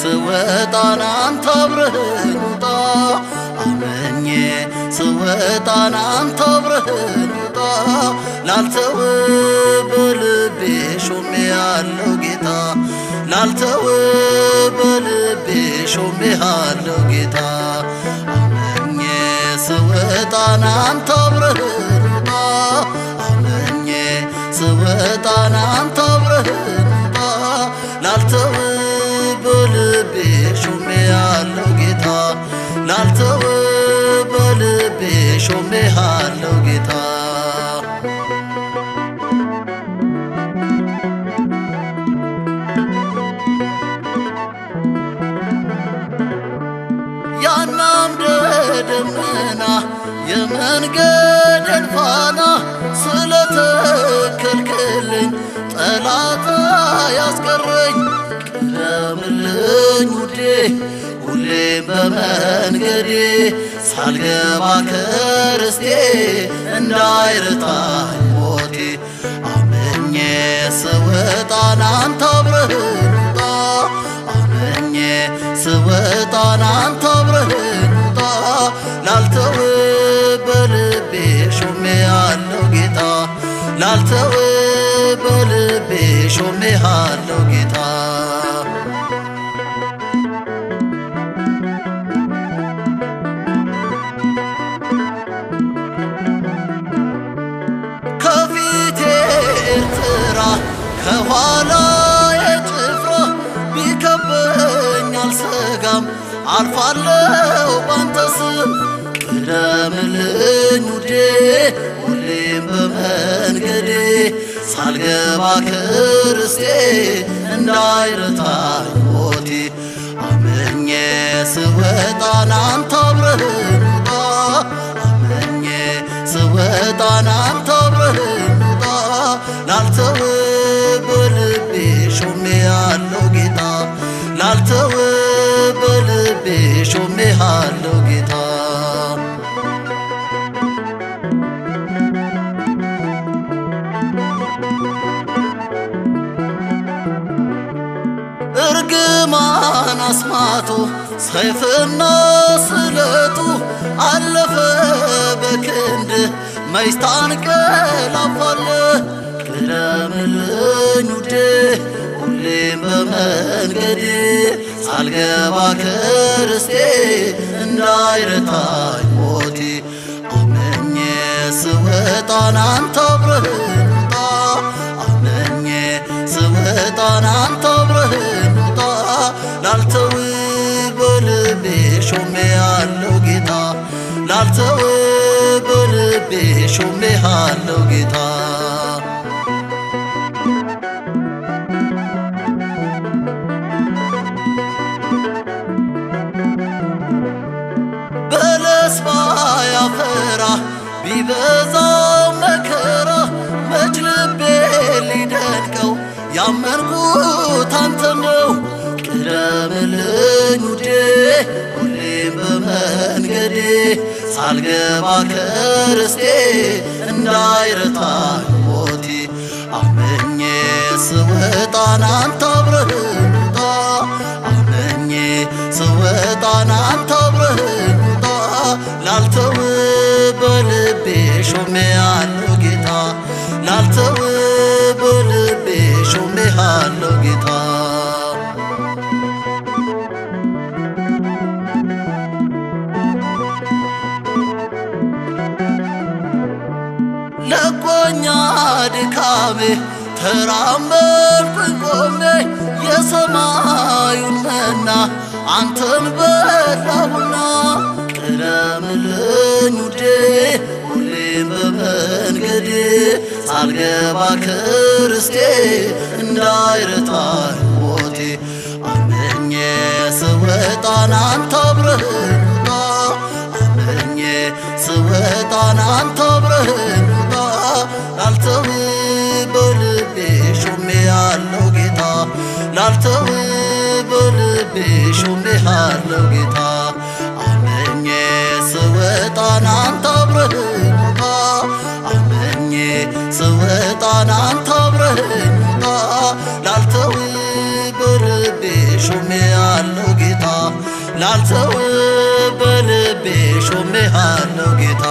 ስወጣ ናንተ አብረህን ውጣ ወጣን አንተ አብረህን ውጣ ላልተው በልቤ ሾሜ ያለው ጌታ ላልተው በልቤ ሾሜ ያለው ጌታ አመኜ ስወጣን አንተ አብረህን ደመና የመንገድን ፋና ስለተከልክልኝ ጠላት ያስቀረኝ ቅደምልኝ ውዴ ሁሌ በመንገዴ ሳልገባ ከርስቴ እንዳይርታኝ ሞቴ አምኜ ስወጣን አንተ አብረህን ውጣ አምኜ ስወጣን አንተ ሾሜሃለው ጌታ ከፊቴ ኤርትራ ከኋላ ጭፍራ ቢከበኛል ስጋም አልፋለው ባንተ ቅደምልኝ ውዴ ሁሌም በመንገዴ ሳልገባ ክርስቴ እንዳይረታ ሞቴ አመኘ ስወጣ ናንተ አብረህን ውጣ አመኘ ስወጣ ናንተ አብረህን ውጣ ላልተው በልቤ ሾሜ ያለው ጌታ ላልተው በልቤ ሾሜ አለው ግማን አስማቱ ሰይፍና ስለቱ አለፈ በክንድ መይስታን ቀላፏል ቅደምልኝ ውዴ ሁሌም በመንገዴ ሳልገባ ከርስቴ እንዳይረታኝ ሞቴ አመኜ ስወጣን አንተ አብረህን እንዳልተው በልቤ ሾሜሃለው ጌታ በለስ ባያፈራ ቢበዛው መከራ መች ልቤ ሊደንቀው ያመንኩት አንተ ነው ቅረብልኝ ውዴ መንገዴ ሳልገባ ከርስቴ እንዳይረታኝ ሞቴ አመኜ ስወጣ ናንተ አመኜ ውጣ አምኜ ላልተው በልቤ ሾሜያ በሰላሜ ተራመድኩኝ ቆሜ የሰማዩን አንተን በላሁና ቅደምልኝ ውዴ በመንገዴ ሳልገባ ክርስቴ እንዳይረታ ሕይወቴ ስወጣ ናንተ ላልተው በልቤ ሾሜሃለው ጌታ አመኜ ስወጣ ናንተ አብረኸኝ ውጣ አመኜ ስወጣ ናንተ አብረኸኝ ውጣ ላልተው በልቤ ሾሜሃለው ጌታ ላልተው በልቤ ሾሜሃለው ጌታ